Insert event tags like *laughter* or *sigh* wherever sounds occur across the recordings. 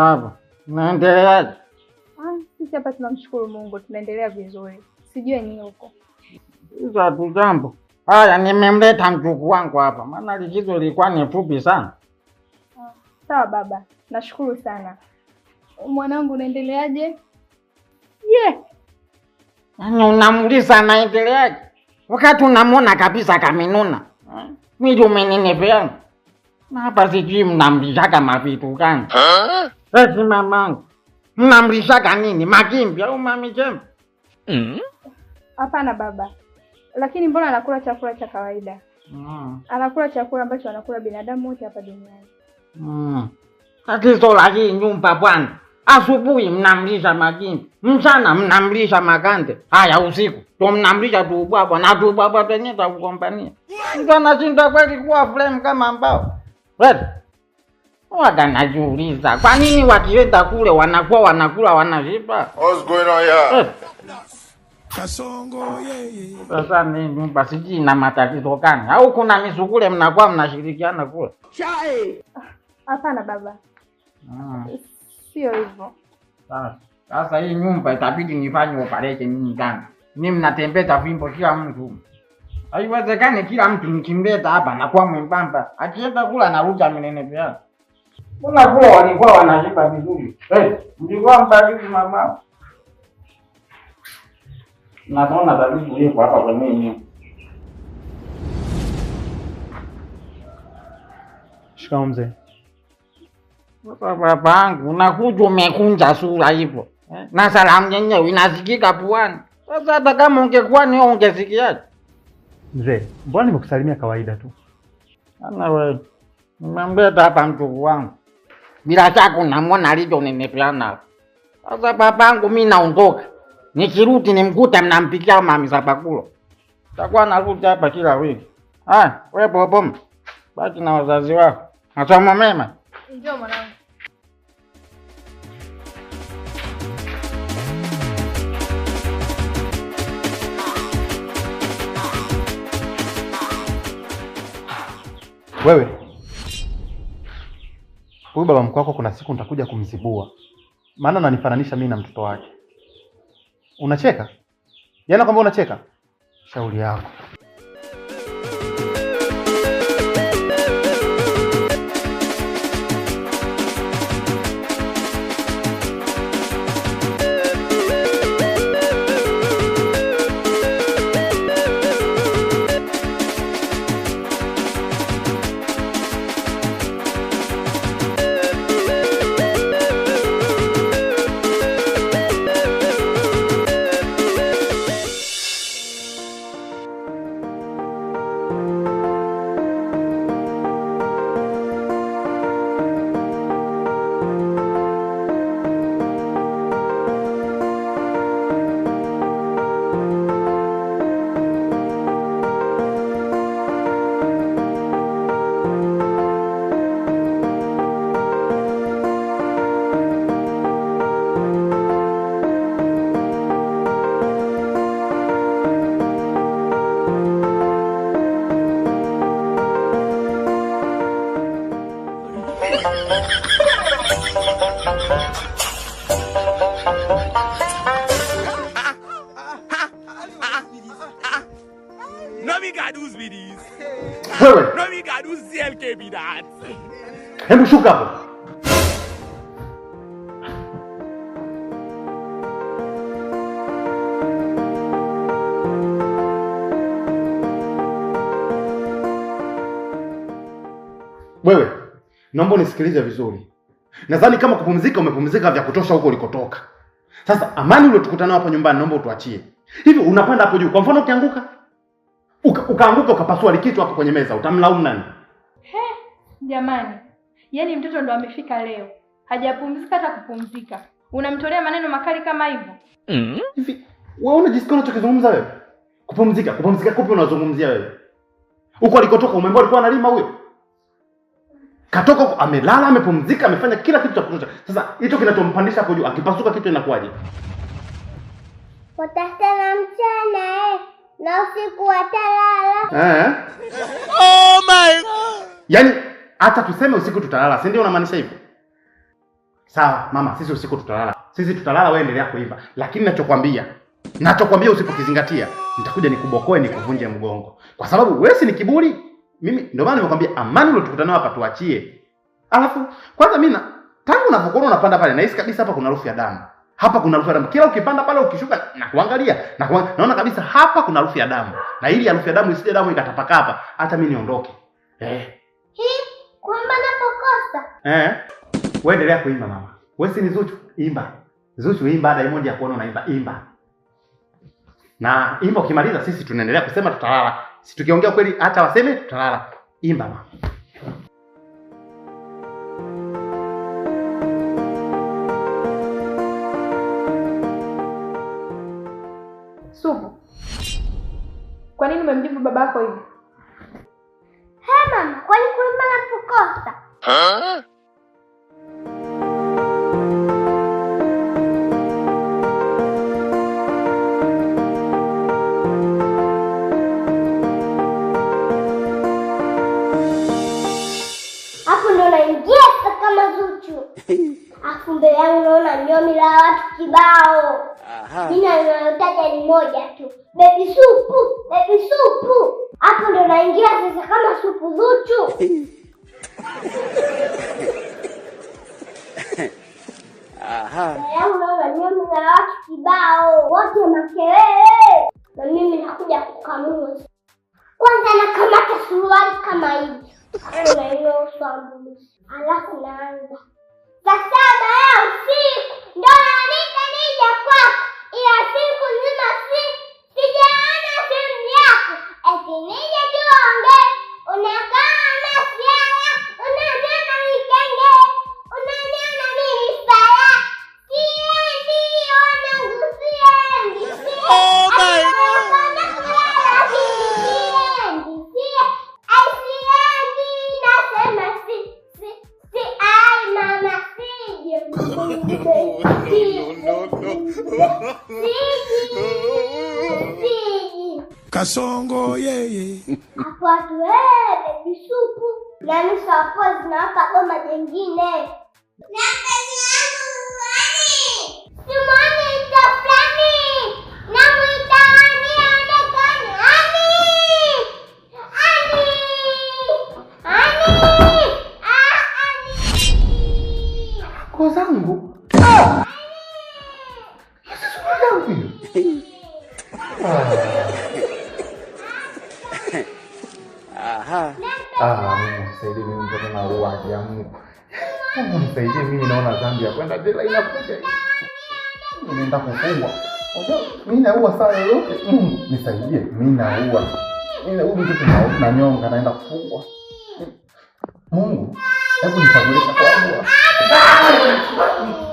Hapa naendeleaje? Ah, sisi hapa tunamshukuru Mungu, tunaendelea vizuri. Sijue ni huko za tu jambo. Haya, nimemleta mjukuu wangu hapa, maana likizo lilikuwa ni fupi sana. Ah, sawa baba, nashukuru sana. Mwanangu, unaendeleaje? ye yeah. Yaani unamuuliza anaendeleaje wakati unamwona kabisa kaminuna eh, mwili umenenepea, na hapa sijui mnamlishaka mavitu gani? Eti mamangu, mnamlishaga nini? Magimbi au mami mm. Hapana mm. Baba, lakini mbona anakula chakula cha kawaida mm. Anakula chakula ambacho anakula binadamu wote hapa duniani mm. Tatizo la hii nyumba bwana, asubuhi mnamlisha magimbi, mchana mnamlisha magande, haya usiku to mnamlisha tuubwabwa na tuubwabwa tenye takugombania mtu anashinda kweli kuwa frame kama mbao Wait. Watanajiuliza kwa nini wakienda kule wanakuwa wanakula wanashiba. What's going on here? Eh. Kasongo yeye. Sasa mimi siji na matatizo gani? Au kuna misukule mnakuwa mnashirikiana kule? Chai. Hapana baba. Hmm. Sio hivyo. Sasa hii nyumba itabidi nifanye operation mimi gani? Mimi mnatembeza vimbo kila mtu. Haiwezekani kila mtu nikimleta hapa na kwa mwembamba. Akienda kula narudi pia. Mbona kwa walikuwa wanalipa vizuri? Eh, mlikuwa mbariki mama. Naona hiyo kwa hapa kwa mimi. Shikamoo mzee. Baba yangu, unakuja umekunja sura hivyo. Eh, na salamu yenyewe inasikika puani. Sasa hata kama ungekuwa ni ungesikiaje? Mzee, mbona nimekusalimia kawaida tu? Ana wewe. Nimeambia hapa mchukuu wangu bila chako namwona alivyo nimepeana. Sasa babangu mi naondoka, nikirudi nimkuta mnampikia mami za bakulo, takuwa narudi hapa kila wiki. Haya, we Bobomu, baki na wazazi wako. Masomo mema. Njoo mwanangu. Wewe huyu baba mkwe wako kuna siku nitakuja kumzibua, maana ananifananisha mimi na mtoto wake. Unacheka? Yaani kwamba unacheka? Shauri yako. Hebu shuka hapo. Wewe, naomba unisikilize vizuri. Nadhani kama kupumzika umepumzika vya kutosha huko ulikotoka. Sasa amani nayo hapo nyumbani naomba utuachie. Hivi unapanda hapo juu. Kwa mfano ukianguka, uka, ukaanguka ukapasua likitu hapo kwenye meza, utamlaumu nani? He, jamani. Yaani mtoto ndo amefika leo, hajapumzika hata kupumzika, unamtolea maneno makali kama hivyo mm. Wewe unajisikia unachokizungumza wewe? Kupumzika, kupumzika kupi unazungumzia wewe? Huko alikotoka umeambia alikuwa analima huyo. Katoka huko amelala, amepumzika, amefanya kila kitu cha kutosha. Sasa hicho kinachompandisha hapo juu, akipasuka kitu inakuwaje? na mchana eh, na usiku watalala. Eh. Oh my God. Yaani hata tuseme usiku tutalala, si ndio? Unamaanisha hivyo? Sawa mama, sisi usiku tutalala, sisi tutalala, wewe endelea kuimba, lakini nachokwambia, nachokwambia usipokizingatia, nitakuja nikubokoe, nikuvunje mgongo, kwa sababu wewe si ni kiburi. Mimi ndio maana nimekwambia amani tukutana hapa tuachie. Alafu kwanza mimi na tangu unapokuwa unapanda pale, nahisi kabisa hapa kuna harufu ya damu, hapa kuna harufu ya damu. Kila ukipanda pale ukishuka na kuangalia na kuang... naona kabisa hapa kuna harufu ya damu, na ili harufu ya damu isije damu ikatapaka hapa, hata mimi niondoke eh. Hii kwamba napokosa. Eh, wewe endelea kuimba mama. Wewe si ni Zuchu, imba. Zuchu imba, ya kuona unaimba, imba. Na imba ukimaliza, sisi tunaendelea kusema tutalala. Si tukiongea kweli hata waseme tutalala. Imba mama. kwa nini umemjibu baba yako hivi? cosa. ¿Ah? Hapo ndo naingia kama Zuchu. Afu mbele yangu naona nyomi la watu kibao. Mimi ninayotaja ni moja tu. Baby supu, baby supu. Hapo ndo naingia sasa kama supu Zuchu. *laughs* mimi na watu kibao wote makelele, na mimi nakuja kukamua. Kwanza nakamata suruali kama hivi alafu naanza saa saba ya usiku ndo nanita nija kwako, ila siku nzima si sijaona simu yako, eti nije tuongee unakaa nasi dhambi ya kwenda jela inakuja, nenda kufungwa. Mimi naua saa yoyote, nisaidie. Mimi naua, mimi naua kitu na nyonga, naenda kufungwa. Mungu, hebu nichagulisha kwa Mungu.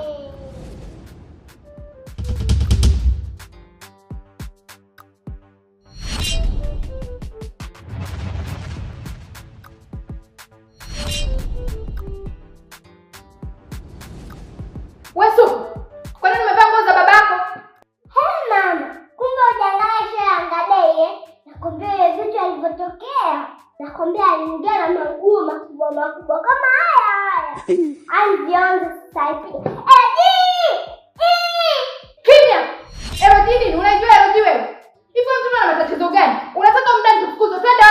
nakwambia aliingia na manguo makubwa makubwa kama haya haya, alivyoanza *laughs* sasa eh, kimya. wewe? Hivyo mtu ana matatizo gani? Unataka muda tukufukuzwe, twende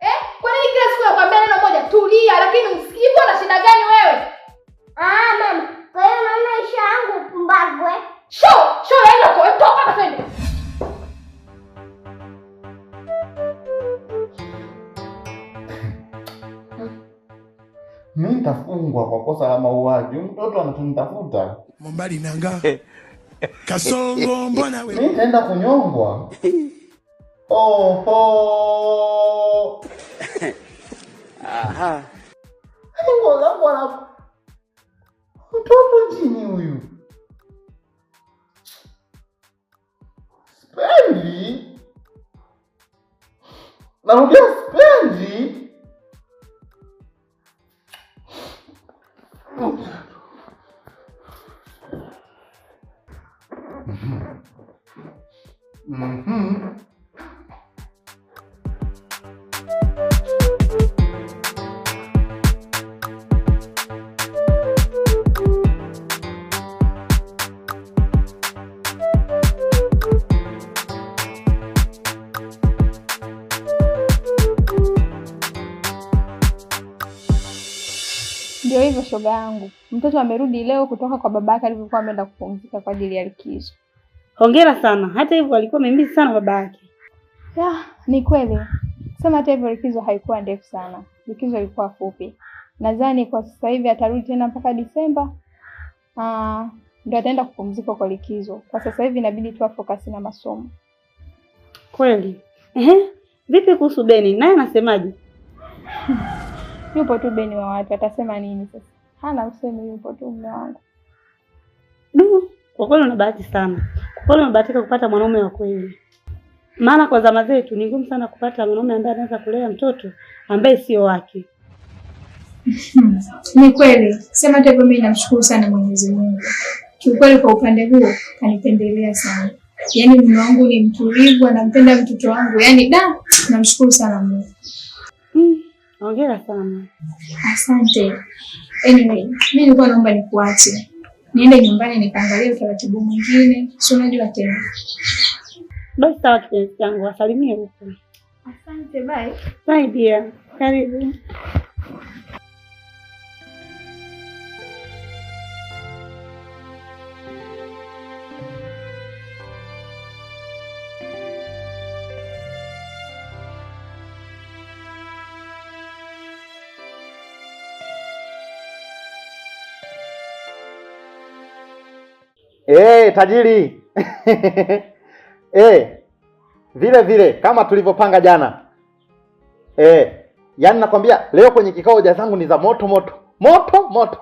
Eh, kwa nini kila siku neno moja tulia, lakini usikipo? Na shida gani wewe? Ah mama, kwa hiyo yangu pumbagwe. Eh. Show, show, yaani uko toka hapa mi nitafungwa kwa kosa la mauaji. Mtoto anachonitafuta Mwambali nanga eh. Kasongo, *laughs* mbona wewe? Mi nitaenda kunyongwa. *laughs* Oho, aha, yaani mtoto chini huyu spendi, narudia spendi Mm-hmm. Mm-hmm. shoga yangu, mtoto amerudi leo kutoka kwa babake alivyokuwa ameenda kupumzika kwa ajili ya likizo. Hongera sana. Hata hivyo alikuwa amembizi sana babake. Ya, ni kweli. Sema hata hivyo likizo haikuwa ndefu sana, likizo ilikuwa fupi. Nadhani kwa sasa hivi atarudi tena mpaka Disemba. Ah, ndio ataenda kupumzika kwa likizo. Kwa sasa hivi inabidi tu afokasi na masomo. Kweli. Ehe, vipi kuhusu Beni? Naye anasemaje? *laughs* Yupo tu Beni wa watu, atasema nini sasa? Hana usemi, yupo tu mume wangu. Du, kwa kweli una bahati sana. Kwa kweli umebahatika kupata mwanaume wa kweli. Maana kwa zama zetu ni ngumu sana kupata mwanaume ambaye anaweza kulea mtoto ambaye sio wake. *laughs* Ni kweli. Sema hata mimi namshukuru sana Mwenyezi Mungu. Kiukweli kwa upande huo kanipendelea sana. Yaani mume wangu ni mtulivu, anampenda mtoto wangu. Yaani da, namshukuru sana Mungu. Hongera sana. Asante. Anyway, mimi nilikuwa naomba nikuache niende nyumbani nikaangalie utaratibu mwingine, si unajua tena. Basi sawa, kipenzi changu, wasalimie huko. Asante, bye. Bye dear. Karibu. hey, eh, tajiri hey, *laughs* eh, vile vile kama tulivyopanga jana hey, eh, yaani nakwambia leo kwenye kikao ja zangu ni za moto moto moto moto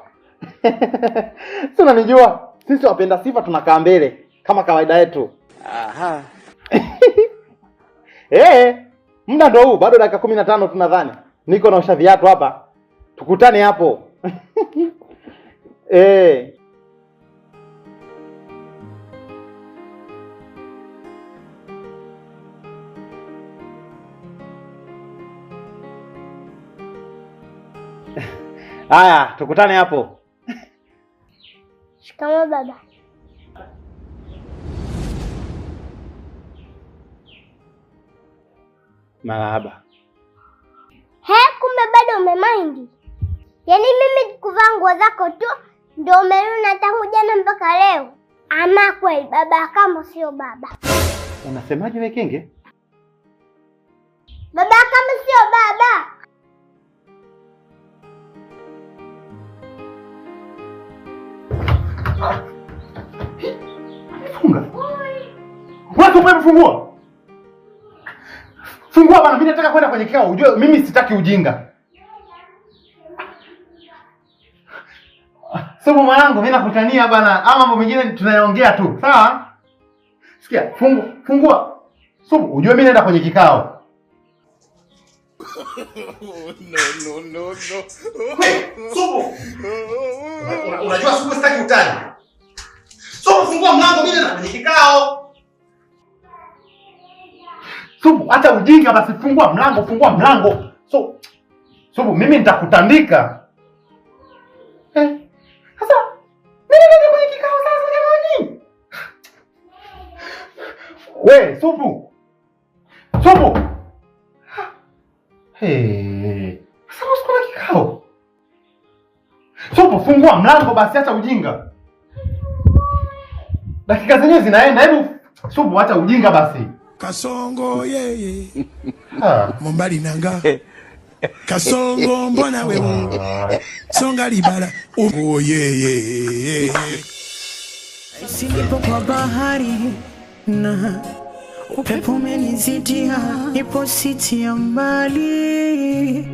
*laughs* si unanijua sisi wapenda sifa tunakaa mbele kama kawaida yetu aha hey, *laughs* muda ndo huu bado dakika kumi na tano tunadhani niko naosha viatu hapa tukutane hapo hey. Haya, tukutane hapo. Shikamo baba. Marahaba. He, kumbe bado umemind. Yaani mimi kuvaa nguo zako tu ndio umeruna tangu jana mpaka leo? Ama kweli baba kama sio baba. Unasemaje wewe kenge? Baba kama sio baba. Funga. Watu upepo fungua. Fungua bana, mimi nataka kwenda kwenye kikao. Ujue mimi sitaki ujinga. Sasa mwanangu, mimi nakutania bana. Ama mambo mengine tunayaongea tu. Sawa? Sikia, fungu, fungua. Sumu, ujue mimi naenda kwenye kikao. No, no, no, no. Sumu. *laughs* Unajua sumu sitaki utani. Sio mlango mimi na kikao. Subu, hata ujinga basi, fungua mlango, fungua mlango. So Subu, mimi nitakutandika. Eh. Sasa mimi ndio kwenye kikao sasa jamani. We, Subu. Subu. Hey. Sasa usikona kikao. Subu, fungua mlango basi, acha ujinga dakika zenyewe zinaenda, hebu subu hata ujinga basi. Kasongo yeye *laughs* ah. mombali nanga Kasongo mbona wewe *laughs* songa libala ugo yeye silipo kwa bahari na upepo umenizidia, ipo siti ya mbali,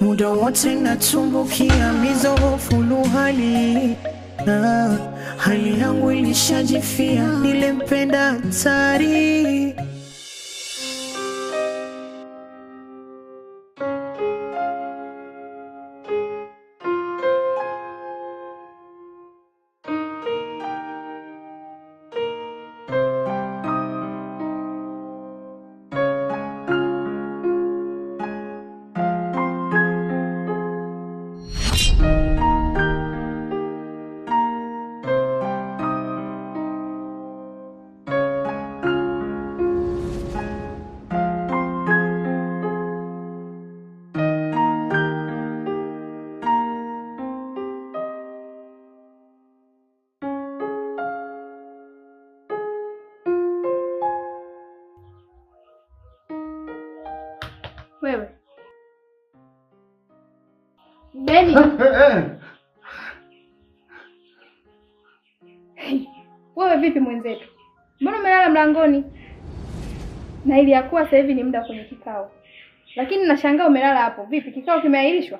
muda wote natumbukia mizo hofu hali na hali yangu ilishajifia, nilempenda hatari wewe Beni. *laughs* Eh, eh. wewe vipi mwenzetu? Mbona umelala mlangoni? Na yakuwa sasa hivi ni muda kwenye kikao, lakini nashangaa umelala hapo. Vipi, kikao kimeahirishwa?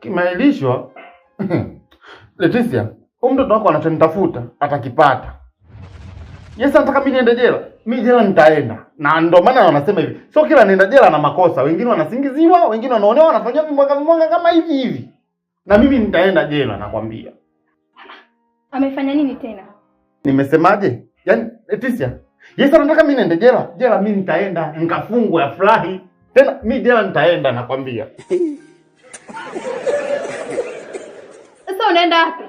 Kimeahirishwa? *laughs* Leticia, huyu mtoto wako anachonitafuta atakipata. Yes, anataka mimi niende jela. Mimi jela nitaenda. Na ndio maana wanasema hivi. Sio kila nenda jela na makosa. Wengine wanasingiziwa, wengine wanaonewa, wanafanyiwa vimwanga vimwanga kama hivi hivi. Na mimi nitaenda jela nakwambia. Amefanya nini tena? Nimesemaje? Yaani Leticia, Yesu anataka mimi niende jela. Jela mimi nitaenda, ya furahi. Tena mimi jela nitaenda nakwambia. Sasa unaenda wapi?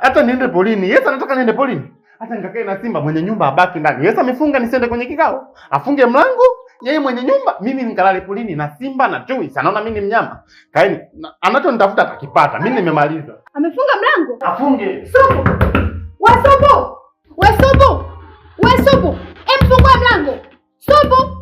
Hata niende polini. Yesu anataka niende polini hata nikakae na Simba, mwenye nyumba abaki ndani. Yesu amefunga nisende kwenye kikao, afunge mlango yeye mwenye nyumba, mimi nikalale polini na Simba na chui Anaona mimi ni mnyama. Kaeni, anachonitafuta atakipata. Mimi nimemaliza. Amefunga mlango, afunge sobo. Wesobo, wesobo, wesobo, emfungua mlango sobo